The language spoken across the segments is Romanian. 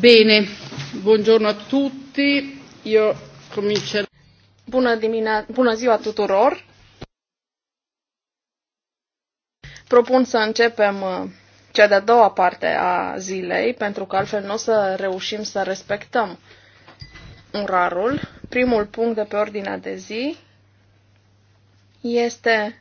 Bine, buongiorno a tutti. Io comincerò. Bună, dimine... Bună ziua tuturor. Propun să începem uh, cea de-a doua parte a zilei, pentru că altfel nu o să reușim să respectăm urarul. Primul punct de pe ordinea de zi este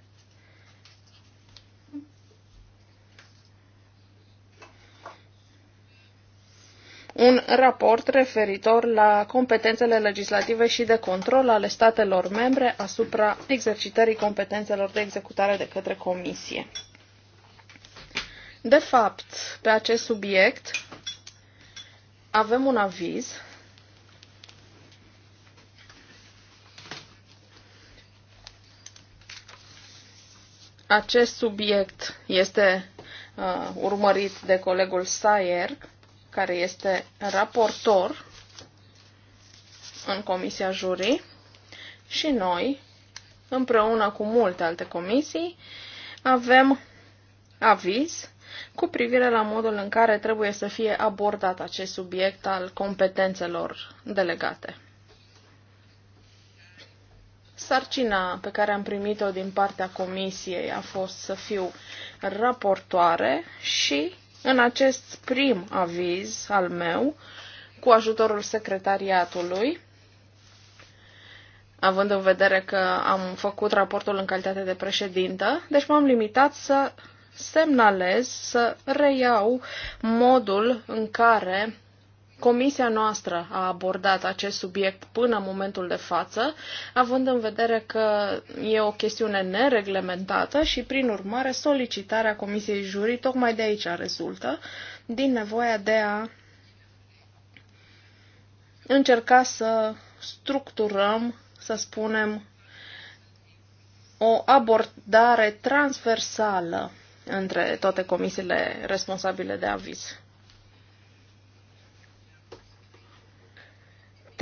un raport referitor la competențele legislative și de control ale statelor membre asupra exercitării competențelor de executare de către Comisie. De fapt, pe acest subiect avem un aviz Acest subiect este uh, urmărit de colegul Sayer, care este raportor în Comisia Jurii și noi, împreună cu multe alte comisii, avem aviz cu privire la modul în care trebuie să fie abordat acest subiect al competențelor delegate. Sarcina pe care am primit-o din partea comisiei a fost să fiu raportoare și în acest prim aviz al meu, cu ajutorul secretariatului, având în vedere că am făcut raportul în calitate de președintă, deci m-am limitat să semnalez, să reiau modul în care Comisia noastră a abordat acest subiect până în momentul de față, având în vedere că e o chestiune nereglementată și, prin urmare, solicitarea Comisiei Jurii tocmai de aici rezultă, din nevoia de a încerca să structurăm, să spunem, o abordare transversală între toate comisiile responsabile de aviz.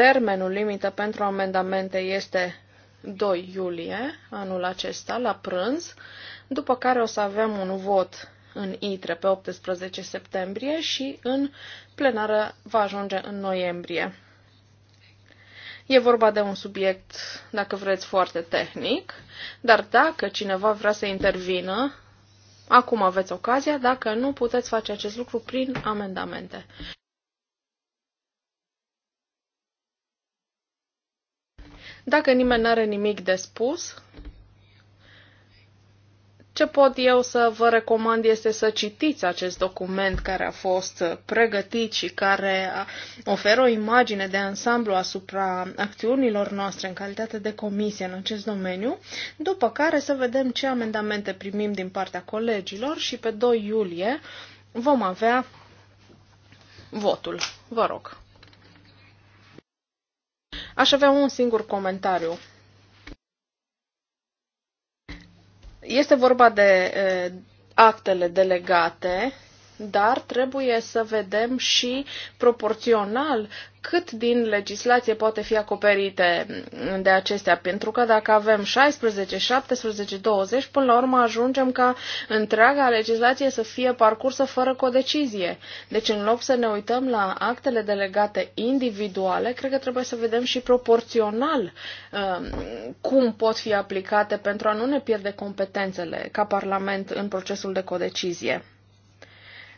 Termenul limită pentru amendamente este 2 iulie anul acesta, la prânz, după care o să avem un vot în ITRE pe 18 septembrie și în plenară va ajunge în noiembrie. E vorba de un subiect, dacă vreți, foarte tehnic, dar dacă cineva vrea să intervină, acum aveți ocazia, dacă nu, puteți face acest lucru prin amendamente. Dacă nimeni nu are nimic de spus, ce pot eu să vă recomand este să citiți acest document care a fost pregătit și care oferă o imagine de ansamblu asupra acțiunilor noastre în calitate de comisie în acest domeniu, după care să vedem ce amendamente primim din partea colegilor și pe 2 iulie vom avea votul. Vă rog. Aș avea un singur comentariu. Este vorba de eh, actele delegate dar trebuie să vedem și proporțional cât din legislație poate fi acoperite de acestea, pentru că dacă avem 16, 17, 20, până la urmă ajungem ca întreaga legislație să fie parcursă fără codecizie. Deci în loc să ne uităm la actele delegate individuale, cred că trebuie să vedem și proporțional um, cum pot fi aplicate pentru a nu ne pierde competențele ca Parlament în procesul de codecizie.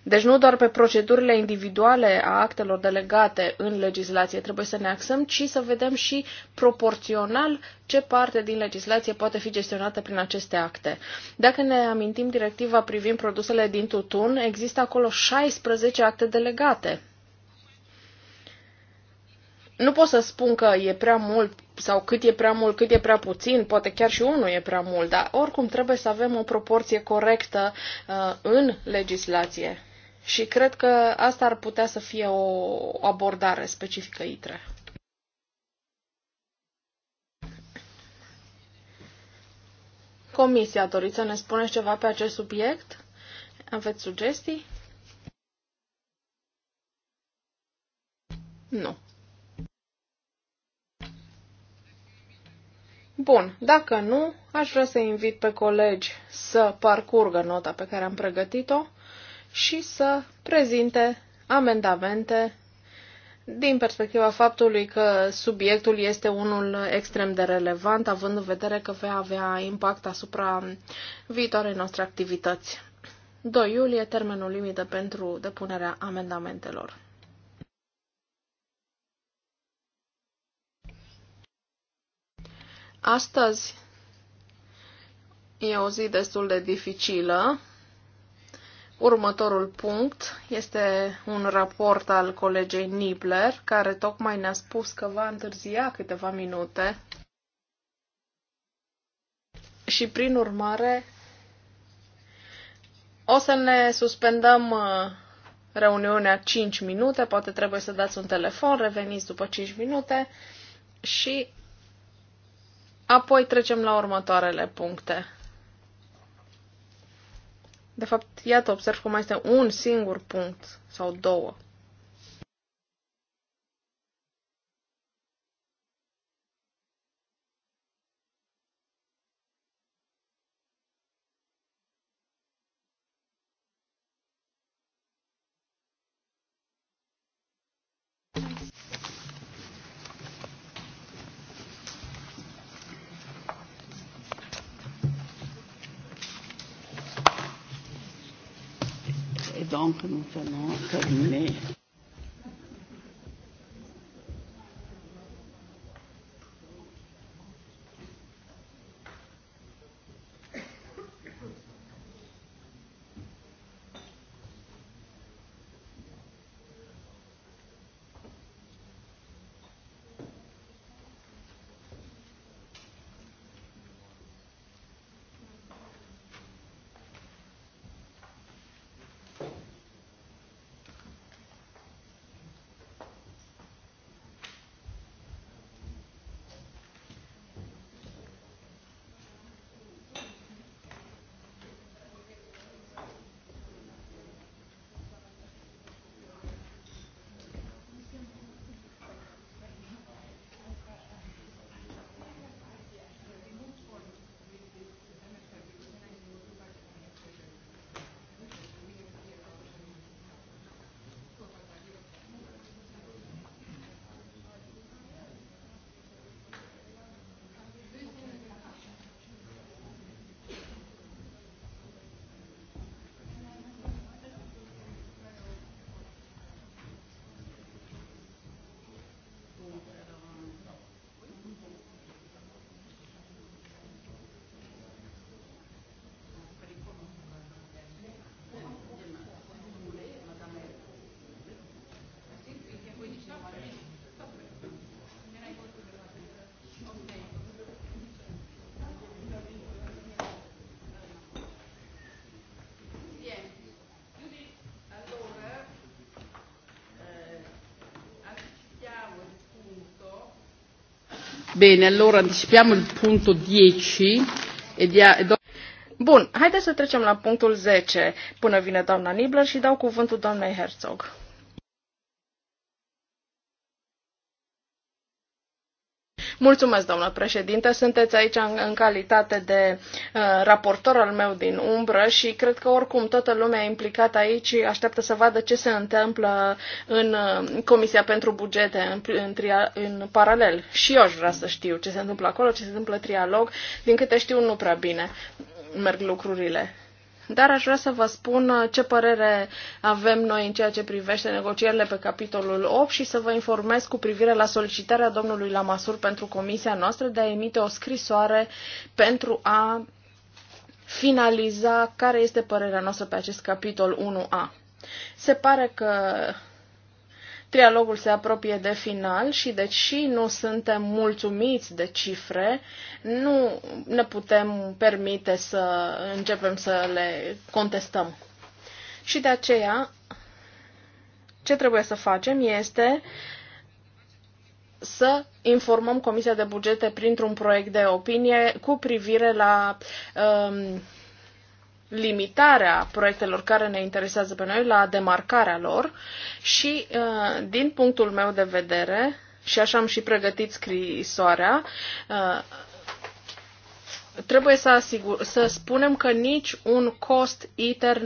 Deci nu doar pe procedurile individuale a actelor delegate în legislație trebuie să ne axăm, ci să vedem și proporțional ce parte din legislație poate fi gestionată prin aceste acte. Dacă ne amintim directiva privind produsele din tutun, există acolo 16 acte delegate. Nu pot să spun că e prea mult sau cât e prea mult, cât e prea puțin, poate chiar și unul e prea mult, dar oricum trebuie să avem o proporție corectă uh, în legislație și cred că asta ar putea să fie o abordare specifică ITRE. Comisia, doriți să ne spuneți ceva pe acest subiect? Aveți sugestii? Nu. Bun, dacă nu, aș vrea să invit pe colegi să parcurgă nota pe care am pregătit-o și să prezinte amendamente din perspectiva faptului că subiectul este unul extrem de relevant, având în vedere că va avea impact asupra viitoarei noastre activități. 2 iulie, termenul limită pentru depunerea amendamentelor. Astăzi e o zi destul de dificilă Următorul punct este un raport al colegei Nibler, care tocmai ne-a spus că va întârzia câteva minute și, prin urmare, o să ne suspendăm uh, reuniunea 5 minute, poate trebuie să dați un telefon, reveniți după 5 minute și apoi trecem la următoarele puncte. De fapt, iată, observ cum mai este un singur punct sau două temps que nous tenons Bine, allora anticipiamo il punto 10 e dia, e do... Bun, haideți să trecem la punctul 10 până vine doamna Nibler și dau cuvântul doamnei Herzog. Mulțumesc, doamnă președinte. Sunteți aici în, în calitate de uh, raportor al meu din umbră și cred că oricum toată lumea implicată aici așteaptă să vadă ce se întâmplă în uh, Comisia pentru Bugete în, în, tria, în paralel. Și eu aș vrea să știu ce se întâmplă acolo, ce se întâmplă trialog. Din câte știu, nu prea bine merg lucrurile. Dar aș vrea să vă spun uh, ce părere avem noi în ceea ce privește negocierile pe capitolul 8 și să vă informez cu privire la solicitarea domnului Lamasur pentru comisia noastră de a emite o scrisoare pentru a finaliza care este părerea noastră pe acest capitol 1A. Se pare că Trialogul se apropie de final și deși deci nu suntem mulțumiți de cifre, nu ne putem permite să începem să le contestăm. Și de aceea, ce trebuie să facem este să informăm Comisia de Bugete printr-un proiect de opinie cu privire la um, limitarea proiectelor care ne interesează pe noi la demarcarea lor și, uh, din punctul meu de vedere, și așa am și pregătit scrisoarea, uh, trebuie să, asigur, să spunem că nici un cost ITER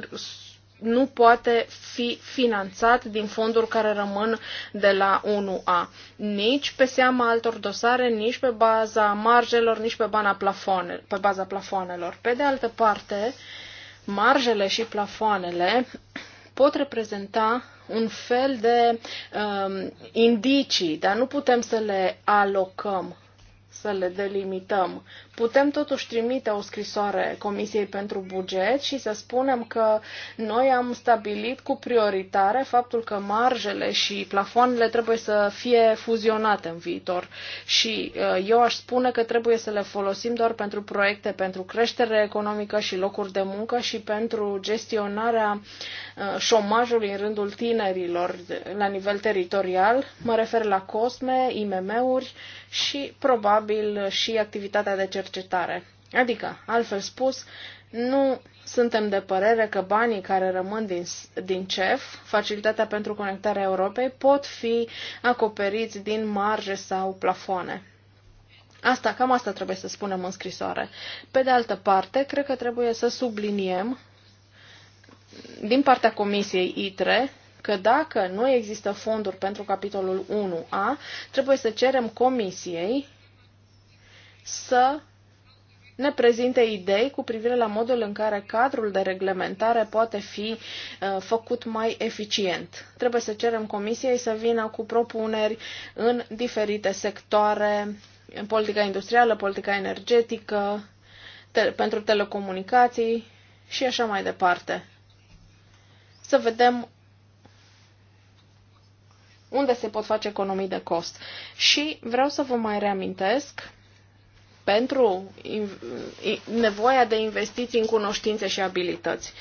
nu poate fi finanțat din fonduri care rămân de la 1A, nici pe seama altor dosare, nici pe baza marjelor, nici pe, bana plafone, pe baza plafonelor Pe de altă parte, uh, marjele și plafoanele pot reprezenta un fel de um, indicii, dar nu putem să le alocăm, să le delimităm putem totuși trimite o scrisoare Comisiei pentru Buget și să spunem că noi am stabilit cu prioritare faptul că marjele și plafoanele trebuie să fie fuzionate în viitor și uh, eu aș spune că trebuie să le folosim doar pentru proiecte pentru creștere economică și locuri de muncă și pentru gestionarea uh, șomajului în rândul tinerilor la nivel teritorial. Mă refer la COSME, IMM-uri și probabil și activitatea de cercetare cercetare. Adică, altfel spus, nu suntem de părere că banii care rămân din, din CEF, Facilitatea pentru Conectarea Europei, pot fi acoperiți din marge sau plafoane. Asta, cam asta trebuie să spunem în scrisoare. Pe de altă parte, cred că trebuie să subliniem din partea Comisiei ITRE că dacă nu există fonduri pentru capitolul 1A, trebuie să cerem Comisiei să ne prezinte idei cu privire la modul în care cadrul de reglementare poate fi uh, făcut mai eficient. Trebuie să cerem Comisiei să vină cu propuneri în diferite sectoare, în politica industrială, politica energetică, te- pentru telecomunicații și așa mai departe. Să vedem unde se pot face economii de cost. Și vreau să vă mai reamintesc pentru nevoia de investiții în cunoștințe și abilități.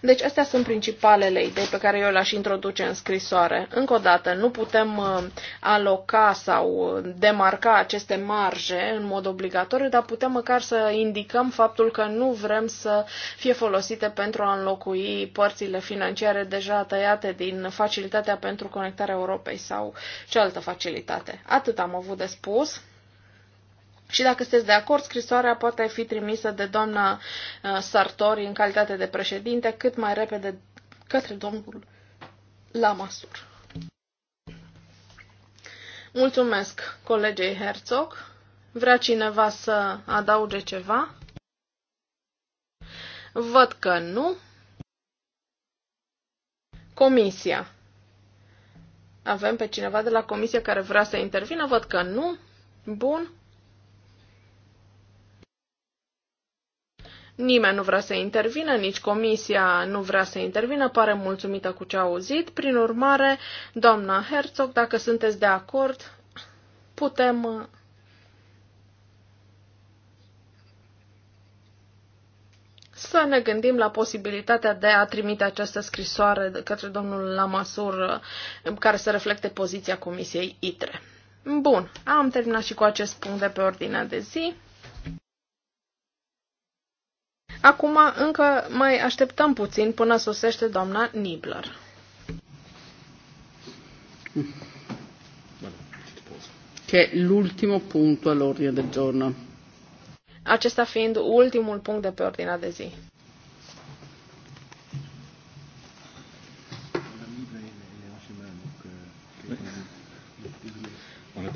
Deci astea sunt principalele idei pe care eu le-aș introduce în scrisoare. Încă o dată, nu putem uh, aloca sau uh, demarca aceste marje în mod obligatoriu, dar putem măcar să indicăm faptul că nu vrem să fie folosite pentru a înlocui părțile financiare deja tăiate din facilitatea pentru conectarea Europei sau cealaltă facilitate. Atât am avut de spus. Și dacă sunteți de acord, scrisoarea poate fi trimisă de doamna uh, Sartori în calitate de președinte cât mai repede către domnul Lamasur. Mulțumesc colegei Herzog. Vrea cineva să adauge ceva? Văd că nu. Comisia. Avem pe cineva de la comisie care vrea să intervină? Văd că nu. Bun. Nimeni nu vrea să intervină, nici comisia nu vrea să intervină, pare mulțumită cu ce a auzit. Prin urmare, doamna Herzog, dacă sunteți de acord, putem uh, să ne gândim la posibilitatea de a trimite această scrisoare către domnul Lamasur, în uh, care să reflecte poziția Comisiei ITRE. Bun, am terminat și cu acest punct de pe ordinea de zi. Acum încă mai așteptăm puțin până sosește doamna Nibler. Che l'ultimo punto all'ordine del giorno. Acesta fiind ultimul punct de pe ordinea de zi. On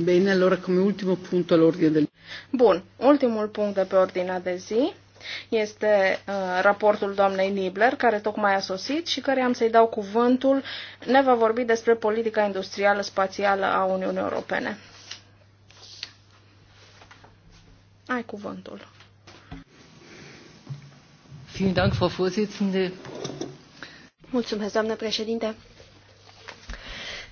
Bine, allora come ultimo punto all'ordine del... Bun, ultimul punct de pe ordinea de zi este uh, raportul doamnei Nibler, care tocmai a sosit și care am să-i dau cuvântul. Ne va vorbi despre politica industrială spațială a Uniunii Europene. Ai cuvântul. Vielen Dank, Frau Vorsitzende. Mulțumesc, doamnă președinte.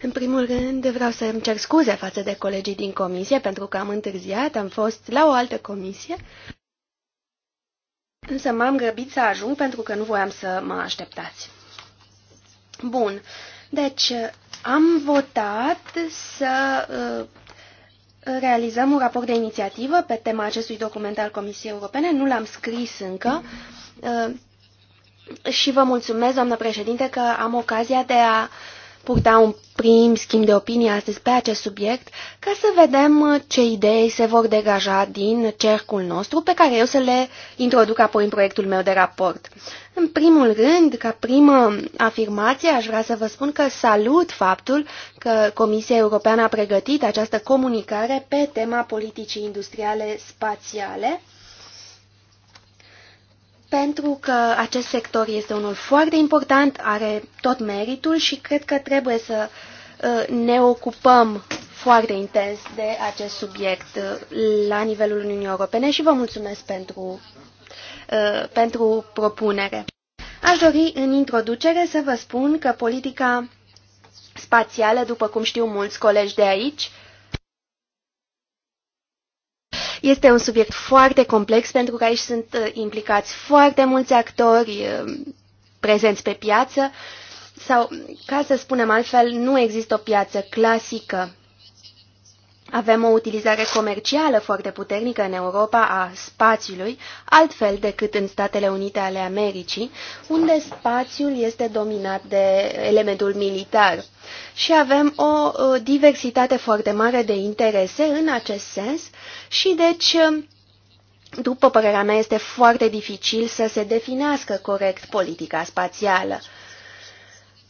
În primul rând, vreau să îmi cer scuze față de colegii din comisie, pentru că am întârziat, am fost la o altă comisie. Însă m-am grăbit să ajung pentru că nu voiam să mă așteptați. Bun, deci am votat să uh, realizăm un raport de inițiativă pe tema acestui document al Comisiei Europene. Nu l-am scris încă uh, și vă mulțumesc, doamnă președinte, că am ocazia de a purta da un prim schimb de opinie astăzi pe acest subiect ca să vedem uh, ce idei se vor degaja din cercul nostru pe care eu să le introduc apoi în proiectul meu de raport. În primul rând, ca primă afirmație, aș vrea să vă spun că salut faptul că Comisia Europeană a pregătit această comunicare pe tema politicii industriale spațiale pentru că acest sector este unul foarte important, are tot meritul și cred că trebuie să uh, ne ocupăm foarte intens de acest subiect uh, la nivelul Uniunii Europene și vă mulțumesc pentru, uh, pentru propunere. Aș dori în introducere să vă spun că politica spațială, după cum știu mulți colegi de aici, este un subiect foarte complex pentru că aici sunt uh, implicați foarte mulți actori uh, prezenți pe piață sau, ca să spunem altfel, nu există o piață clasică avem o utilizare comercială foarte puternică în Europa a spațiului, altfel decât în Statele Unite ale Americii, unde spațiul este dominat de elementul militar. Și avem o diversitate foarte mare de interese în acest sens și deci, după părerea mea, este foarte dificil să se definească corect politica spațială.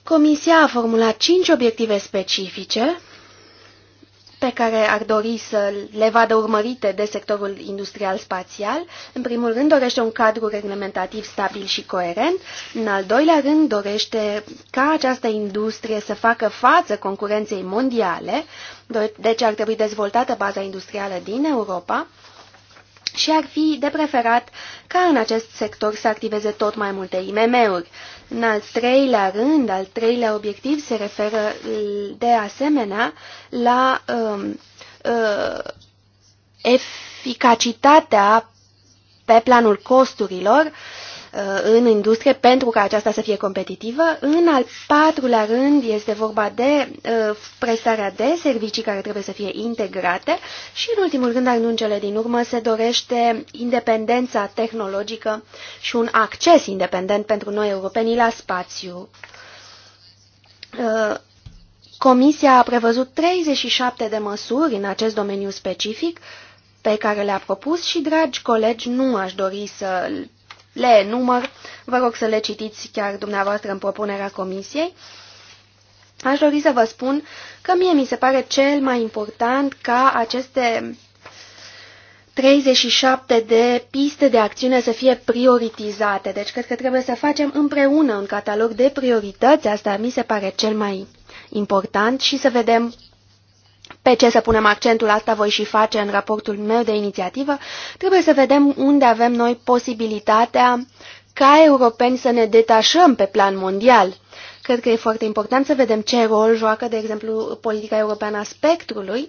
Comisia a formulat cinci obiective specifice pe care ar dori să le vadă urmărite de sectorul industrial spațial. În primul rând, dorește un cadru reglementativ stabil și coerent. În al doilea rând, dorește ca această industrie să facă față concurenței mondiale, deci ar trebui dezvoltată baza industrială din Europa și ar fi de preferat ca în acest sector să activeze tot mai multe IMM-uri. În al treilea rând, al treilea obiectiv se referă de asemenea la uh, uh, eficacitatea pe planul costurilor Uh, în industrie pentru ca aceasta să fie competitivă. În al patrulea rând este vorba de uh, prestarea de servicii care trebuie să fie integrate și în ultimul rând, dar nu în cele din urmă, se dorește independența tehnologică și un acces independent pentru noi europenii la spațiu. Uh, Comisia a prevăzut 37 de măsuri în acest domeniu specific pe care le-a propus și, dragi colegi, nu aș dori să le enumăr, vă rog să le citiți chiar dumneavoastră în propunerea comisiei. Aș dori să vă spun că mie mi se pare cel mai important ca aceste 37 de piste de acțiune să fie prioritizate. Deci cred că trebuie să facem împreună un catalog de priorități, asta mi se pare cel mai important și să vedem pe ce să punem accentul, asta voi și face în raportul meu de inițiativă, trebuie să vedem unde avem noi posibilitatea ca europeni să ne detașăm pe plan mondial. Cred că e foarte important să vedem ce rol joacă, de exemplu, politica europeană a spectrului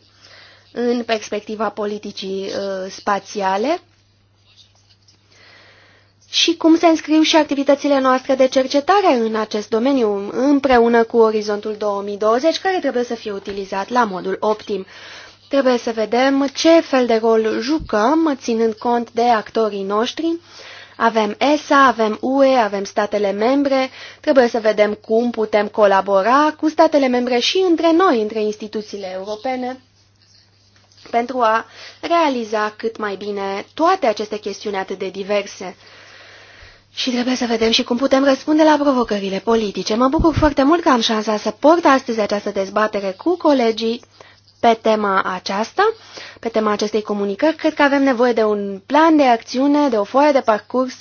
în perspectiva politicii uh, spațiale și cum se înscriu și activitățile noastre de cercetare în acest domeniu, împreună cu Orizontul 2020, care trebuie să fie utilizat la modul optim. Trebuie să vedem ce fel de rol jucăm, ținând cont de actorii noștri. Avem ESA, avem UE, avem statele membre, trebuie să vedem cum putem colabora cu statele membre și între noi, între instituțiile europene pentru a realiza cât mai bine toate aceste chestiuni atât de diverse. Și trebuie să vedem și cum putem răspunde la provocările politice. Mă bucur foarte mult că am șansa să port astăzi această dezbatere cu colegii pe tema aceasta, pe tema acestei comunicări. Cred că avem nevoie de un plan de acțiune, de o foaie de parcurs,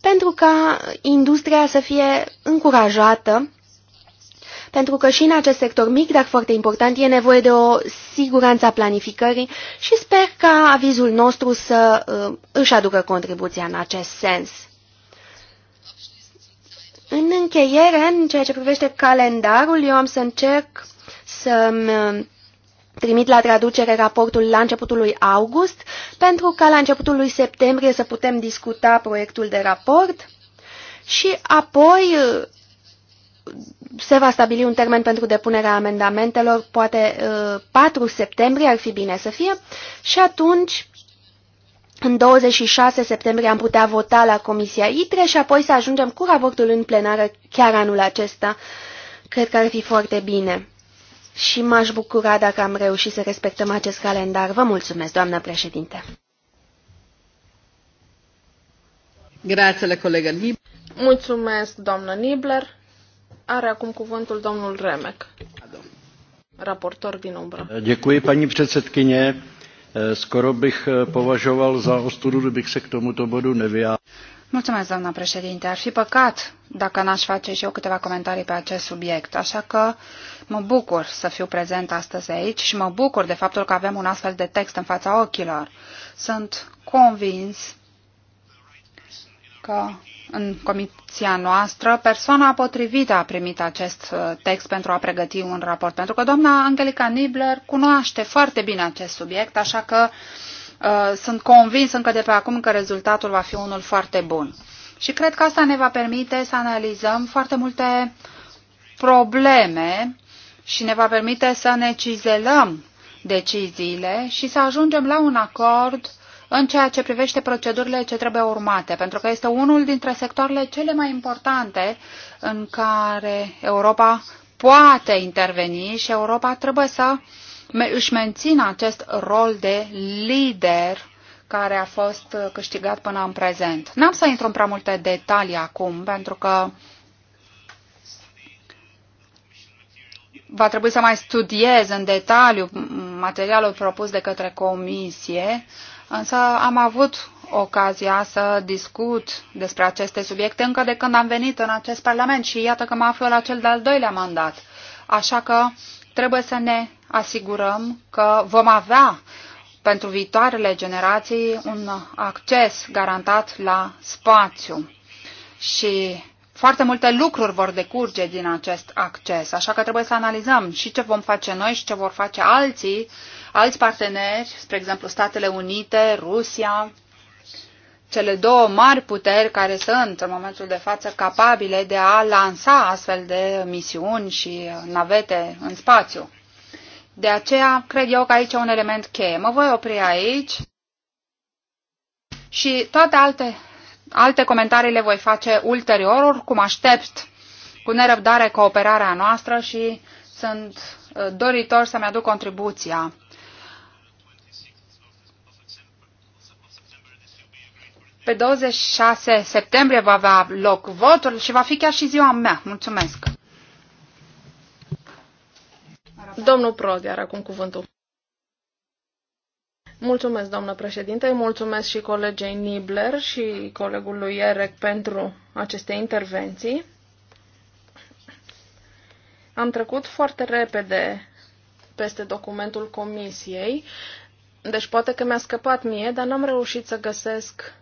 pentru ca industria să fie încurajată, pentru că și în acest sector mic, dar foarte important, e nevoie de o siguranță a planificării și sper ca avizul nostru să uh, își aducă contribuția în acest sens. În încheiere, în ceea ce privește calendarul, eu am să încerc să uh, trimit la traducere raportul la începutul lui august, pentru ca la începutul lui septembrie să putem discuta proiectul de raport și apoi uh, se va stabili un termen pentru depunerea amendamentelor, poate 4 uh, septembrie ar fi bine să fie, și atunci în 26 septembrie am putea vota la Comisia ITRE și apoi să ajungem cu raportul în plenară chiar anul acesta. Cred că ar fi foarte bine. Și m-aș bucura dacă am reușit să respectăm acest calendar. Vă mulțumesc, doamnă președinte. Mulțumesc, doamnă Nibler. Are acum cuvântul domnul Remek, raportor din umbră. Děkuji, paní předsedkyně. Eh, skoro bych eh, považoval za ostudu, kdybych se k tomuto bodu nevyjádřil. Mulțumesc, doamna președinte. Ar fi păcat dacă n-aș face și eu câteva comentarii pe acest subiect. Așa că mă bucur să fiu prezent astăzi aici și mă bucur de faptul că avem un astfel de text în fața ochilor. Sunt convins că în comisia noastră, persoana potrivită a primit acest uh, text pentru a pregăti un raport, pentru că doamna Angelica Nibler cunoaște foarte bine acest subiect, așa că uh, sunt convins încă de pe acum că rezultatul va fi unul foarte bun. Și cred că asta ne va permite să analizăm foarte multe probleme și ne va permite să ne cizelăm deciziile și să ajungem la un acord în ceea ce privește procedurile ce trebuie urmate, pentru că este unul dintre sectoarele cele mai importante în care Europa poate interveni și Europa trebuie să își mențină acest rol de lider care a fost câștigat până în prezent. N-am să intru în prea multe detalii acum, pentru că va trebui să mai studiez în detaliu materialul propus de către comisie, Însă am avut ocazia să discut despre aceste subiecte încă de când am venit în acest Parlament și iată că mă aflu la cel de-al doilea mandat. Așa că trebuie să ne asigurăm că vom avea pentru viitoarele generații un acces garantat la spațiu. Și foarte multe lucruri vor decurge din acest acces, așa că trebuie să analizăm și ce vom face noi și ce vor face alții alți parteneri, spre exemplu Statele Unite, Rusia, cele două mari puteri care sunt în momentul de față capabile de a lansa astfel de misiuni și navete în spațiu. De aceea, cred eu că aici e un element cheie. Mă voi opri aici și toate alte, alte comentarii le voi face ulterior, oricum aștept cu nerăbdare cooperarea noastră și sunt uh, doritor să-mi aduc contribuția Pe 26 septembrie va avea loc votul și va fi chiar și ziua mea. Mulțumesc! Domnul Prodi are acum cuvântul. Mulțumesc, doamnă președinte, mulțumesc și colegei Nibler și colegului Erec pentru aceste intervenții. Am trecut foarte repede peste documentul comisiei, deci poate că mi-a scăpat mie, dar n-am reușit să găsesc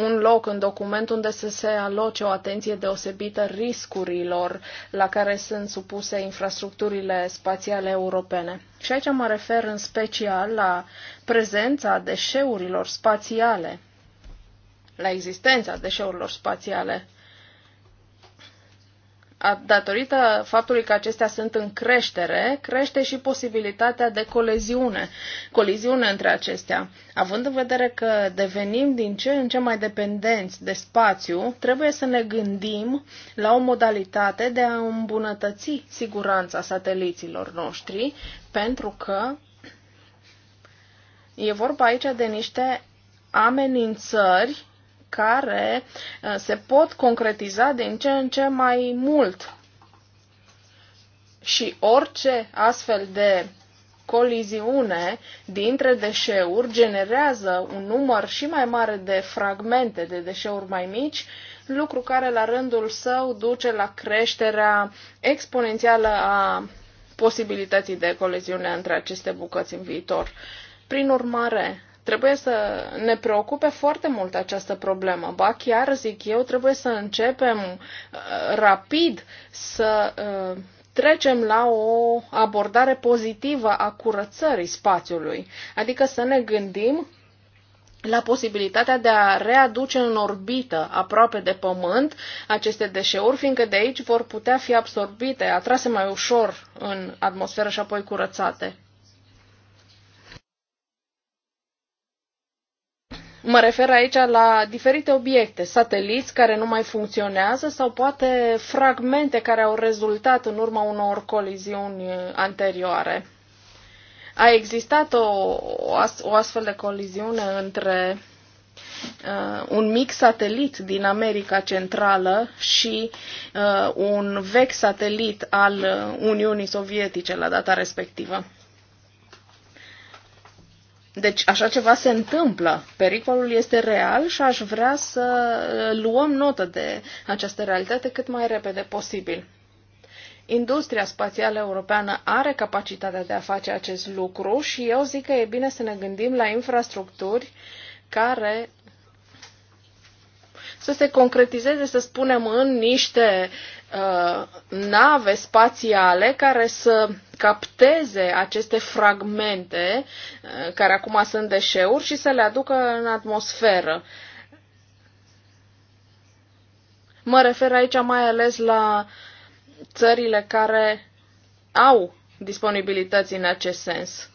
un loc în document unde să se aloce o atenție deosebită riscurilor la care sunt supuse infrastructurile spațiale europene. Și aici mă refer în special la prezența deșeurilor spațiale, la existența deșeurilor spațiale datorită faptului că acestea sunt în creștere, crește și posibilitatea de coleziune, coliziune între acestea. Având în vedere că devenim din ce în ce mai dependenți de spațiu, trebuie să ne gândim la o modalitate de a îmbunătăți siguranța sateliților noștri, pentru că e vorba aici de niște amenințări care uh, se pot concretiza din ce în ce mai mult. Și orice astfel de coliziune dintre deșeuri generează un număr și mai mare de fragmente de deșeuri mai mici, lucru care la rândul său duce la creșterea exponențială a posibilității de coliziune între aceste bucăți în viitor. Prin urmare, Trebuie să ne preocupe foarte mult această problemă. Ba chiar, zic eu, trebuie să începem uh, rapid să uh, trecem la o abordare pozitivă a curățării spațiului. Adică să ne gândim la posibilitatea de a readuce în orbită aproape de Pământ aceste deșeuri, fiindcă de aici vor putea fi absorbite, atrase mai ușor în atmosferă și apoi curățate. Mă refer aici la diferite obiecte, sateliți care nu mai funcționează sau poate fragmente care au rezultat în urma unor coliziuni eh, anterioare. A existat o, o astfel de coliziune între uh, un mic satelit din America Centrală și uh, un vechi satelit al Uniunii Sovietice la data respectivă. Deci așa ceva se întâmplă. Pericolul este real și aș vrea să luăm notă de această realitate cât mai repede posibil. Industria spațială europeană are capacitatea de a face acest lucru și eu zic că e bine să ne gândim la infrastructuri care să se concretizeze, să spunem, în niște uh, nave spațiale care să capteze aceste fragmente uh, care acum sunt deșeuri și să le aducă în atmosferă. Mă refer aici mai ales la țările care au disponibilități în acest sens.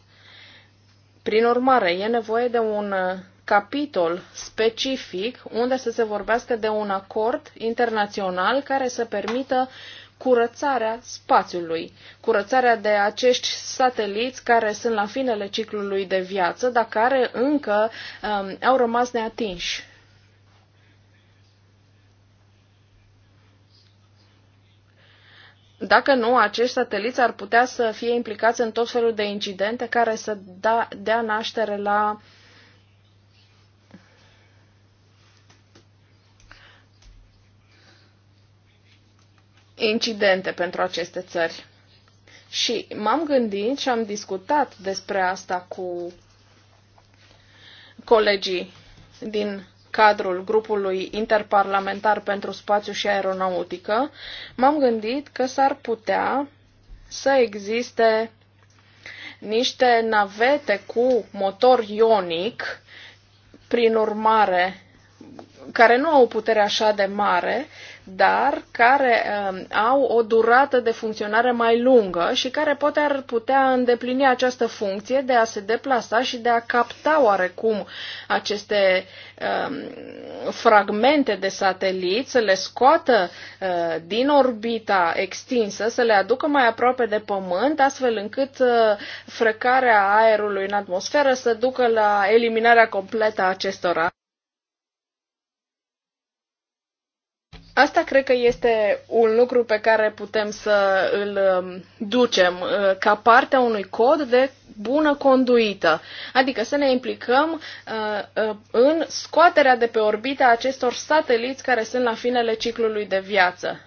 Prin urmare, e nevoie de un uh, capitol specific unde să se vorbească de un acord internațional care să permită curățarea spațiului, curățarea de acești sateliți care sunt la finele ciclului de viață, dar care încă um, au rămas neatinși. Dacă nu, acești sateliți ar putea să fie implicați în tot felul de incidente care să da, dea naștere la uh, incidente pentru aceste țări. Și m-am gândit și am discutat despre asta cu colegii din cadrul grupului interparlamentar pentru spațiu și aeronautică, m-am gândit că s-ar putea să existe niște navete cu motor ionic, prin urmare care nu au o putere așa de mare, dar care uh, au o durată de funcționare mai lungă și care poate ar putea îndeplini această funcție de a se deplasa și de a capta oarecum aceste uh, fragmente de satelit, să le scoată uh, din orbita extinsă, să le aducă mai aproape de Pământ, astfel încât uh, frecarea aerului în atmosferă să ducă la eliminarea completă a acestora. Asta cred că este un lucru pe care putem să îl um, ducem uh, ca partea unui cod de bună conduită. Adică să ne implicăm uh, uh, în scoaterea de pe orbita acestor sateliți care sunt la finele ciclului de viață.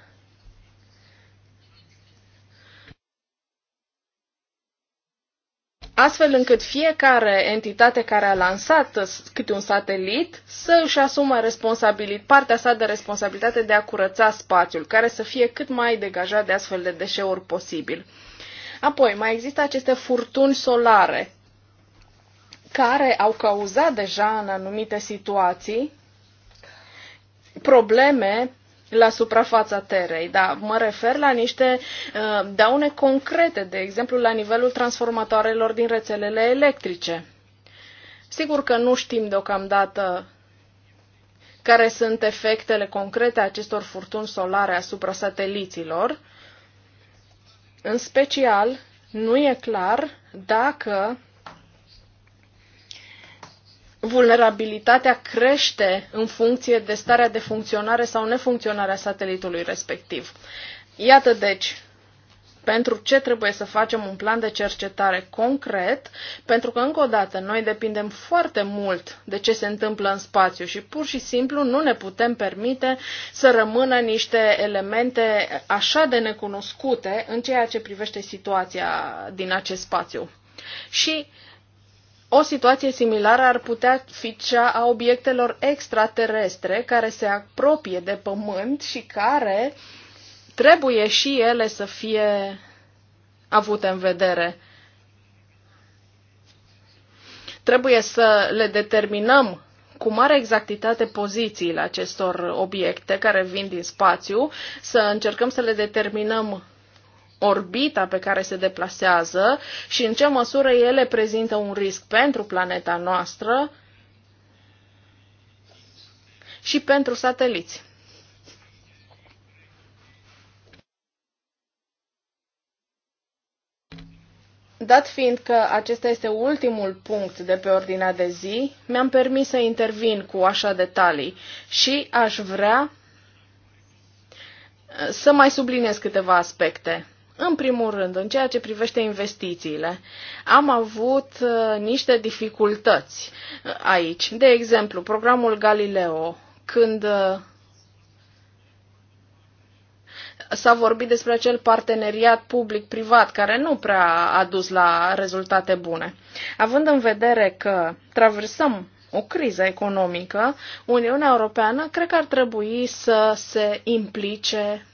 astfel încât fiecare entitate care a lansat câte un satelit să își asume partea sa de responsabilitate de a curăța spațiul, care să fie cât mai degajat de astfel de deșeuri posibil. Apoi, mai există aceste furtuni solare, care au cauzat deja în anumite situații probleme la suprafața terei, dar mă refer la niște uh, daune concrete, de exemplu la nivelul transformatoarelor din rețelele electrice. Sigur că nu știm deocamdată care sunt efectele concrete a acestor furtuni solare asupra sateliților. În special, nu e clar dacă vulnerabilitatea crește în funcție de starea de funcționare sau nefuncționare a satelitului respectiv. Iată deci pentru ce trebuie să facem un plan de cercetare concret, pentru că, încă o dată, noi depindem foarte mult de ce se întâmplă în spațiu și pur și simplu nu ne putem permite să rămână niște elemente așa de necunoscute în ceea ce privește situația din acest spațiu. Și o situație similară ar putea fi cea a obiectelor extraterestre care se apropie de Pământ și care trebuie și ele să fie avute în vedere. Trebuie să le determinăm cu mare exactitate pozițiile acestor obiecte care vin din spațiu, să încercăm să le determinăm orbita pe care se deplasează și în ce măsură ele prezintă un risc pentru planeta noastră și pentru sateliți. Dat fiind că acesta este ultimul punct de pe ordinea de zi, mi-am permis să intervin cu așa detalii și aș vrea să mai subliniez câteva aspecte. În primul rând, în ceea ce privește investițiile, am avut uh, niște dificultăți uh, aici. De exemplu, programul Galileo, când uh, s-a vorbit despre acel parteneriat public-privat care nu prea a dus la rezultate bune. Având în vedere că traversăm o criză economică, Uniunea Europeană cred că ar trebui să se implice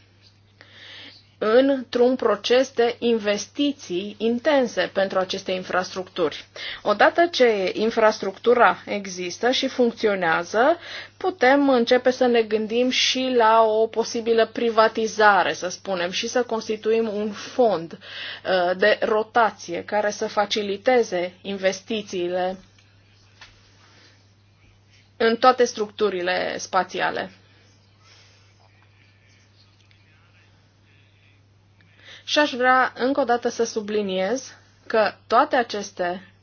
într-un proces de investiții intense pentru aceste infrastructuri. Odată ce infrastructura există și funcționează, putem începe să ne gândim și la o posibilă privatizare, să spunem, și să constituim un fond uh, de rotație care să faciliteze investițiile în toate structurile spațiale. Și aș vrea încă o dată să subliniez că toate aceste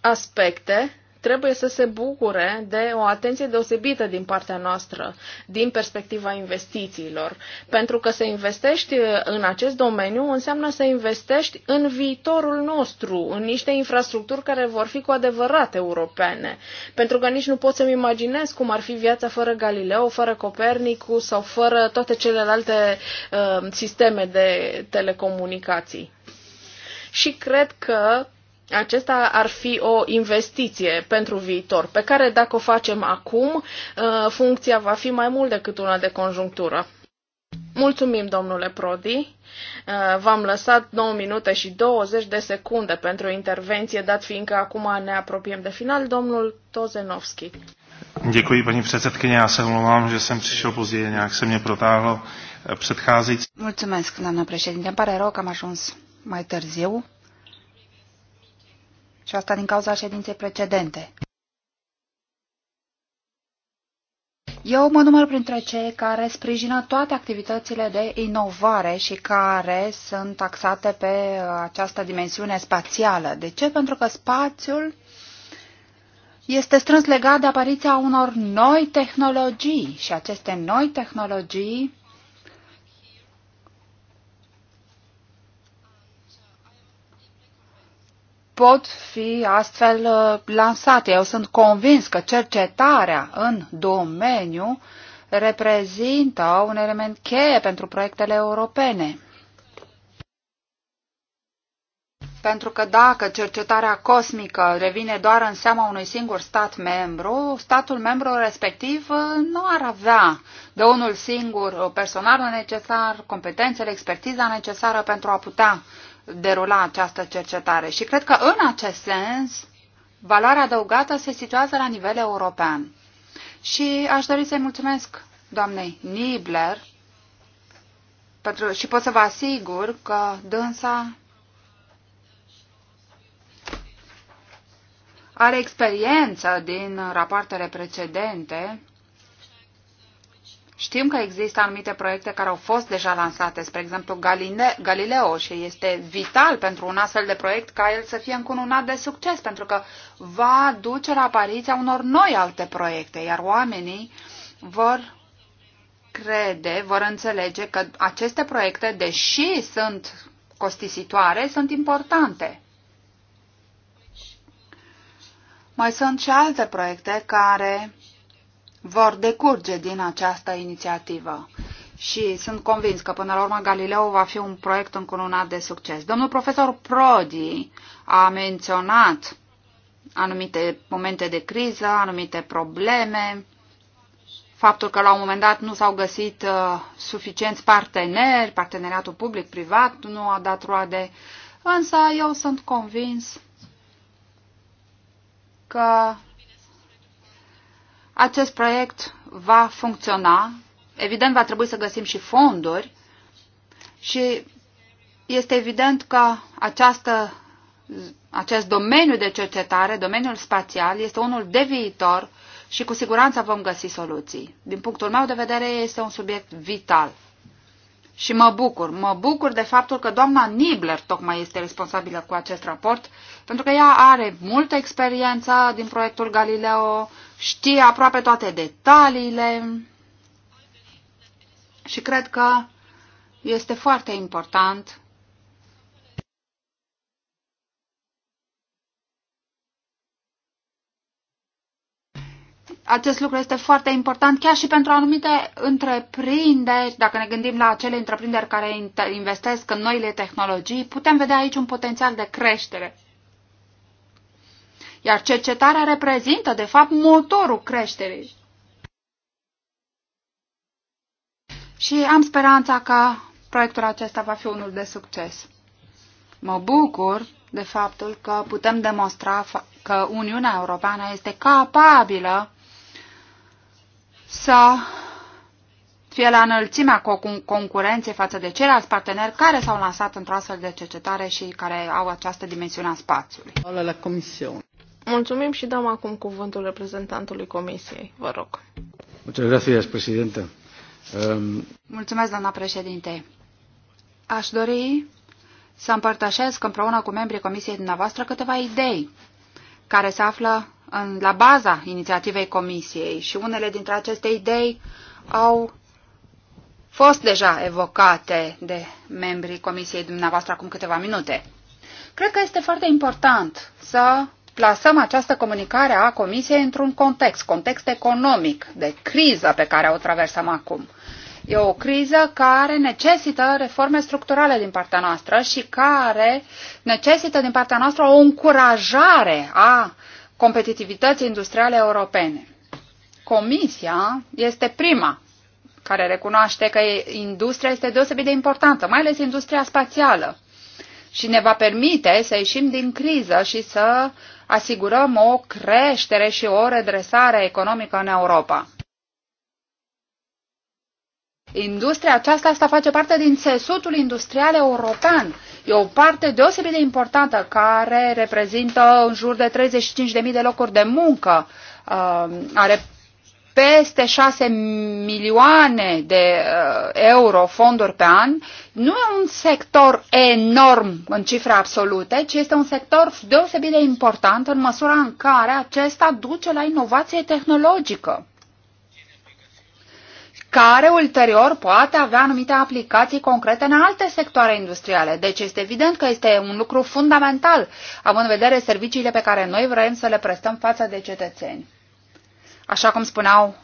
aspecte trebuie să se bucure de o atenție deosebită din partea noastră, din perspectiva investițiilor. Pentru că să investești în acest domeniu înseamnă să investești în viitorul nostru, în niște infrastructuri care vor fi cu adevărat europene. Pentru că nici nu pot să-mi imaginez cum ar fi viața fără Galileo, fără Copernicus sau fără toate celelalte uh, sisteme de telecomunicații. Și cred că acesta ar fi o investiție pentru viitor, pe care dacă o facem acum, uh, funcția va fi mai mult decât una de conjunctură. Mulțumim, domnule Prodi. Uh, v-am lăsat 9 minute și 20 de secunde pentru intervenție, dat fiindcă acum ne apropiem de final, domnul Tozenovski. Děkuji, paní předsedkyně. Já se omlouvám, že jsem přišel později, nějak se mě protáhlo eh, předcházející. Mulțumesc, doamna președinte. pare rău că am ajuns mai târziu. Și asta din cauza ședinței precedente. Eu mă număr printre cei care sprijină toate activitățile de inovare și care sunt taxate pe această dimensiune spațială. De ce? Pentru că spațiul este strâns legat de apariția unor noi tehnologii și aceste noi tehnologii pot fi astfel uh, lansate. Eu sunt convins că cercetarea în domeniu reprezintă un element cheie pentru proiectele europene. Pentru că dacă cercetarea cosmică revine doar în seama unui singur stat membru, statul membru respectiv uh, nu ar avea de unul singur personalul necesar, competențele, expertiza necesară pentru a putea uh, derula această cercetare. Și cred că în acest sens, valoarea adăugată se situează la nivel european. Și aș dori să-i mulțumesc doamnei Nibler pentru, și pot să vă asigur că dânsa are experiență din rapoartele precedente Știm că există anumite proiecte care au fost deja lansate, spre exemplu Galileo, și este vital pentru un astfel de proiect ca el să fie încununat de succes, pentru că va duce la apariția unor noi alte proiecte, iar oamenii vor crede, vor înțelege că aceste proiecte, deși sunt costisitoare, sunt importante. Mai sunt și alte proiecte care vor decurge din această inițiativă. Și sunt convins că până la urmă Galileo va fi un proiect încununat de succes. Domnul profesor Prodi a menționat anumite momente de criză, anumite probleme, faptul că la un moment dat nu s-au găsit uh, suficienți parteneri, parteneriatul public-privat nu a dat roade, însă eu sunt convins că acest proiect va funcționa. Evident, va trebui să găsim și fonduri și este evident că această, acest domeniu de cercetare, domeniul spațial, este unul de viitor și cu siguranță vom găsi soluții. Din punctul meu de vedere, este un subiect vital. Și mă bucur, mă bucur de faptul că doamna Nibler tocmai este responsabilă cu acest raport, pentru că ea are multă experiență din proiectul Galileo, știe aproape toate detaliile și cred că este foarte important acest lucru este foarte important chiar și pentru anumite întreprinderi. Dacă ne gândim la acele întreprinderi care investesc în noile tehnologii, putem vedea aici un potențial de creștere. Iar cercetarea reprezintă, de fapt, motorul creșterii. Și am speranța că proiectul acesta va fi unul de succes. Mă bucur de faptul că putem demonstra că Uniunea Europeană este capabilă să fie la înălțimea concurenței față de ceilalți parteneri care s-au lansat într-o astfel de cercetare și care au această dimensiune a spațiului. La Comisiune. Mulțumim și dăm acum cuvântul reprezentantului Comisiei. Vă rog. Mulțumesc, președinte. Um... Mulțumesc, doamna președinte. Aș dori să împărtășesc împreună cu membrii Comisiei dumneavoastră câteva idei care se află în, la baza inițiativei Comisiei și unele dintre aceste idei au fost deja evocate de membrii Comisiei dumneavoastră acum câteva minute. Cred că este foarte important să plasăm această comunicare a Comisiei într-un context, context economic, de criză pe care o traversăm acum. E o criză care necesită reforme structurale din partea noastră și care necesită din partea noastră o încurajare a competitivității industriale europene. Comisia este prima care recunoaște că industria este deosebit de importantă, mai ales industria spațială și ne va permite să ieșim din criză și să asigurăm o creștere și o redresare economică în Europa. Industria aceasta asta face parte din țesutul industrial european. E o parte deosebit de importantă care reprezintă în jur de 35.000 de locuri de muncă. Uh, are peste 6 milioane de uh, euro fonduri pe an, nu e un sector enorm în cifre absolute, ci este un sector deosebit de important în măsura în care acesta duce la inovație tehnologică care ulterior poate avea anumite aplicații concrete în alte sectoare industriale. Deci este evident că este un lucru fundamental, având în vedere serviciile pe care noi vrem să le prestăm față de cetățeni așa cum spuneau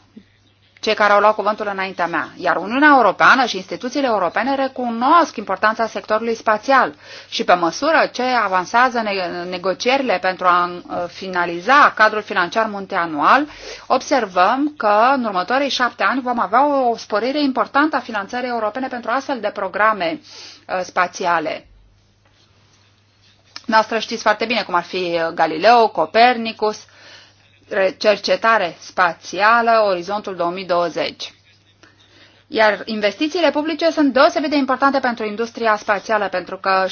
cei care au luat cuvântul înaintea mea. Iar Uniunea Europeană și instituțiile europene recunosc importanța sectorului spațial și pe măsură ce avansează negocierile pentru a uh, finaliza cadrul financiar multianual, observăm că în următorii șapte ani vom avea o sporire importantă a finanțării europene pentru astfel de programe uh, spațiale. Noastră știți foarte bine cum ar fi Galileo, Copernicus, cercetare spațială, orizontul 2020. Iar investițiile publice sunt deosebit de importante pentru industria spațială, pentru că 61%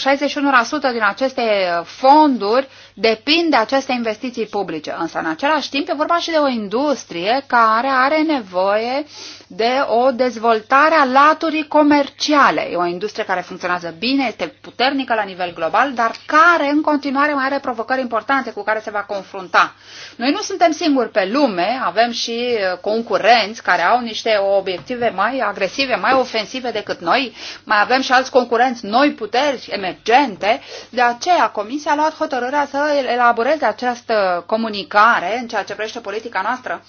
din aceste uh, fonduri depind de aceste investiții publice. Însă, în același timp, e vorba și de o industrie care are nevoie de o dezvoltare a laturii comerciale. E o industrie care funcționează bine, este puternică la nivel global, dar care în continuare mai are provocări importante cu care se va confrunta. Noi nu suntem singuri pe lume, avem și uh, concurenți care au niște obiective mai agresive, mai ofensive decât noi, mai avem și alți concurenți noi puteri emergente, de aceea Comisia a luat hotărârea să elaboreze această comunicare în ceea ce privește politica noastră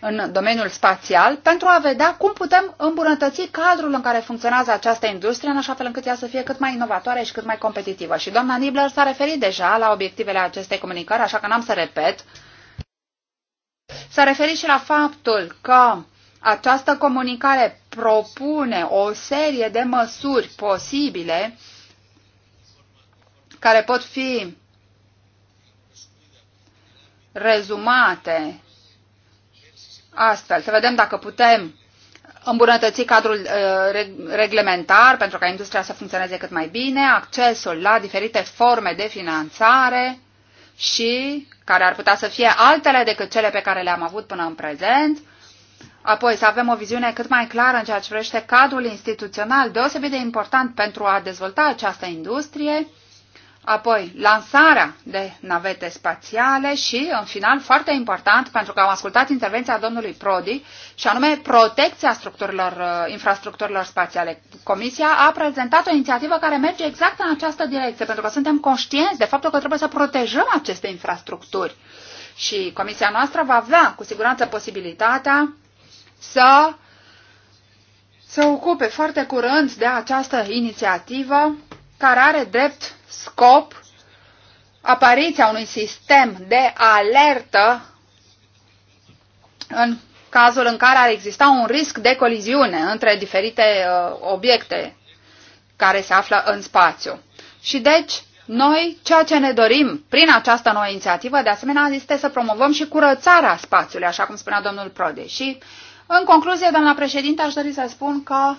în domeniul spațial pentru a vedea cum putem îmbunătăți cadrul în care funcționează această industrie în așa fel încât ea să fie cât mai inovatoare și cât mai competitivă. Și doamna Nibler s-a referit deja la obiectivele acestei comunicări, așa că n-am să repet. S-a referit și la faptul că această comunicare propune o serie de măsuri posibile care pot fi rezumate astfel, să vedem dacă putem îmbunătăți cadrul uh, reglementar pentru ca industria să funcționeze cât mai bine, accesul la diferite forme de finanțare și care ar putea să fie altele decât cele pe care le-am avut până în prezent, apoi să avem o viziune cât mai clară în ceea ce privește cadrul instituțional deosebit de important pentru a dezvolta această industrie apoi lansarea de navete spațiale și, în final, foarte important, pentru că am ascultat intervenția domnului Prodi, și anume protecția structurilor, uh, infrastructurilor spațiale. Comisia a prezentat o inițiativă care merge exact în această direcție, pentru că suntem conștienți de faptul că trebuie să protejăm aceste infrastructuri. Și comisia noastră va avea, cu siguranță, posibilitatea să se ocupe foarte curând de această inițiativă care are drept scop apariția unui sistem de alertă în cazul în care ar exista un risc de coliziune între diferite uh, obiecte care se află în spațiu. Și deci, noi, ceea ce ne dorim prin această nouă inițiativă, de asemenea, este să promovăm și curățarea spațiului, așa cum spunea domnul Prode. Și, în concluzie, doamna președinte, aș dori să spun că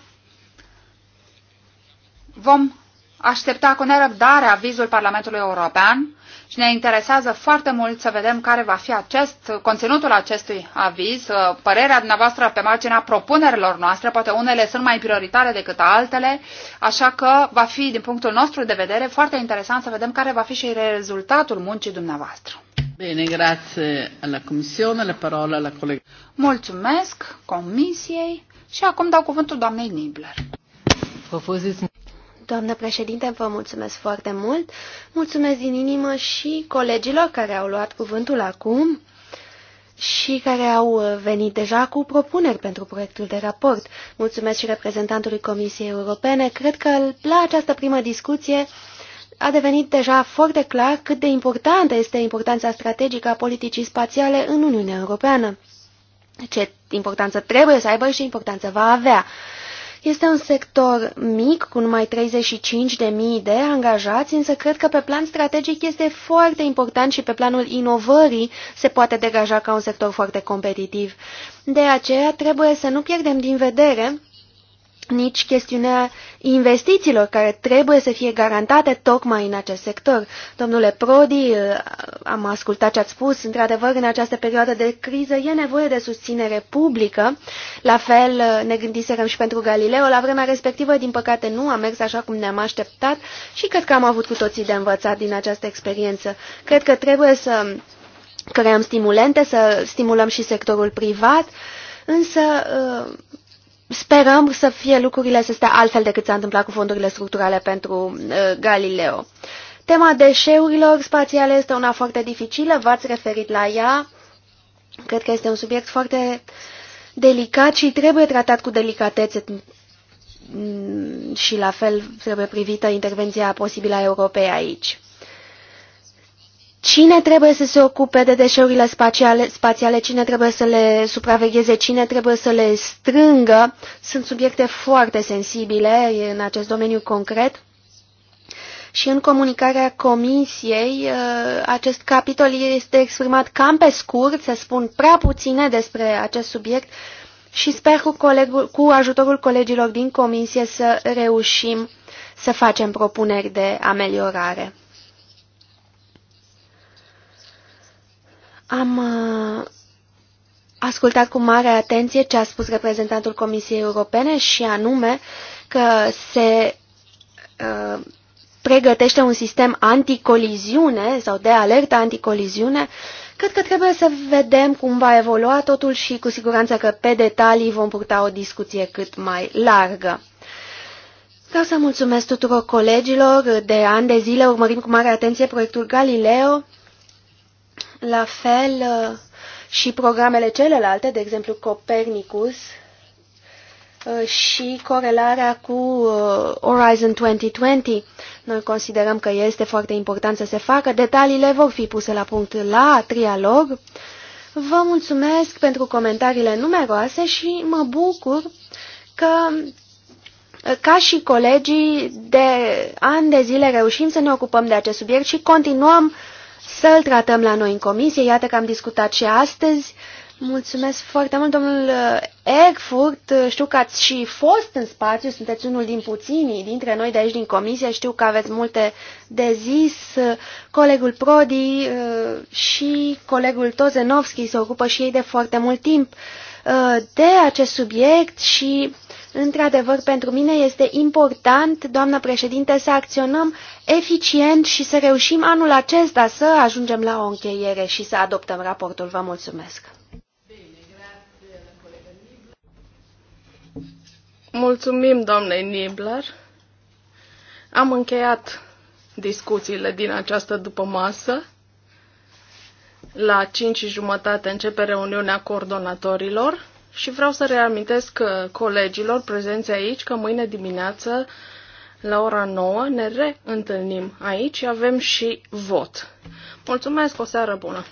vom aștepta cu nerăbdare avizul Parlamentului European și ne interesează foarte mult să vedem care va fi acest, conținutul acestui aviz, uh, părerea dumneavoastră pe marginea propunerilor noastre, poate unele sunt mai prioritare decât altele, așa că va fi, din punctul nostru de vedere, foarte interesant să vedem care va fi și rezultatul muncii dumneavoastră. Bine, grație la Comisiune, la parola la colega. Mulțumesc Comisiei și acum dau cuvântul doamnei Nibler. Doamnă președinte, vă mulțumesc foarte mult. Mulțumesc din inimă și colegilor care au luat cuvântul acum și care au venit deja cu propuneri pentru proiectul de raport. Mulțumesc și reprezentantului Comisiei Europene. Cred că la această primă discuție a devenit deja foarte clar cât de importantă este importanța strategică a politicii spațiale în Uniunea Europeană. Ce importanță trebuie să aibă și importanță va avea. Este un sector mic, cu numai 35.000 de angajați, însă cred că pe plan strategic este foarte important și pe planul inovării se poate degaja ca un sector foarte competitiv. De aceea trebuie să nu pierdem din vedere nici chestiunea investițiilor care trebuie să fie garantate tocmai în acest sector. Domnule Prodi, uh, am ascultat ce ați spus. Într-adevăr, în această perioadă de criză e nevoie de susținere publică. La fel uh, ne gândiserăm și pentru Galileo. La vremea respectivă, din păcate, nu a mers așa cum ne-am așteptat și cred că am avut cu toții de învățat din această experiență. Cred că trebuie să creăm stimulente, să stimulăm și sectorul privat, însă uh, sperăm să fie lucrurile să stea altfel decât s-a întâmplat cu fondurile structurale pentru uh, Galileo. Tema deșeurilor spațiale este una foarte dificilă, v-ați referit la ea. Cred că este un subiect foarte delicat și trebuie tratat cu delicatețe mm, și la fel trebuie privită intervenția posibilă a Europei aici. Cine trebuie să se ocupe de deșeurile spațiale, spațiale, cine trebuie să le supravegheze, cine trebuie să le strângă, sunt subiecte foarte sensibile în acest domeniu concret. Și în comunicarea comisiei, uh, acest capitol este exprimat cam pe scurt, se spun prea puține despre acest subiect și sper cu, colegul, cu ajutorul colegilor din comisie să reușim să facem propuneri de ameliorare. Am uh, ascultat cu mare atenție ce a spus reprezentantul Comisiei Europene și anume că se uh, pregătește un sistem anticoliziune sau de alertă anticoliziune. Cred că trebuie să vedem cum va evolua totul și cu siguranță că pe detalii vom purta o discuție cât mai largă. Vreau să mulțumesc tuturor colegilor. De ani de zile urmărim cu mare atenție proiectul Galileo la fel uh, și programele celelalte, de exemplu Copernicus uh, și corelarea cu uh, Horizon 2020. Noi considerăm că este foarte important să se facă. Detaliile vor fi puse la punct la trialog. Vă mulțumesc pentru comentariile numeroase și mă bucur că, ca și colegii, de ani de zile reușim să ne ocupăm de acest subiect și continuăm uh, să-l tratăm la noi în comisie. Iată că am discutat și astăzi. Mulțumesc foarte mult, domnul Erfurt. Știu că ați și fost în spațiu, sunteți unul din puținii dintre noi de aici din comisie. Știu că aveți multe de zis. Colegul Prodi uh, și colegul Tozenovski se ocupă și ei de foarte mult timp uh, de acest subiect și Într-adevăr, pentru mine este important, doamnă președinte, să acționăm eficient și să reușim anul acesta să ajungem la o încheiere și să adoptăm raportul. Vă mulțumesc! Mulțumim, doamnei Nibler. Am încheiat discuțiile din această dupămasă. La 5 jumătate începe reuniunea coordonatorilor și vreau să reamintesc uh, colegilor prezenți aici că mâine dimineață la ora 9 ne reîntâlnim aici și avem și vot. Mulțumesc, o seară bună!